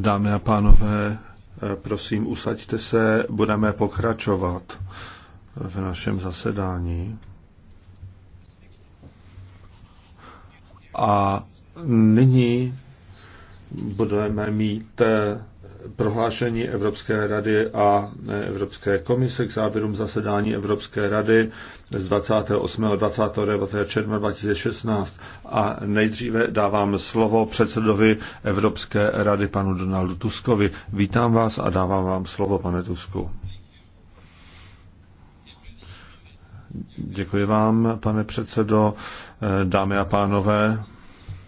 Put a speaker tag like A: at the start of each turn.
A: Dámy a pánové, prosím, usaďte se, budeme pokračovat v našem zasedání. A nyní budeme mít prohlášení Evropské rady a Evropské komise k závěrům zasedání Evropské rady z 28. a 29. června 2016. A nejdříve dávám slovo předsedovi Evropské rady panu Donaldu Tuskovi. Vítám vás a dávám vám slovo, pane Tusku. Děkuji vám, pane předsedo, dámy a pánové.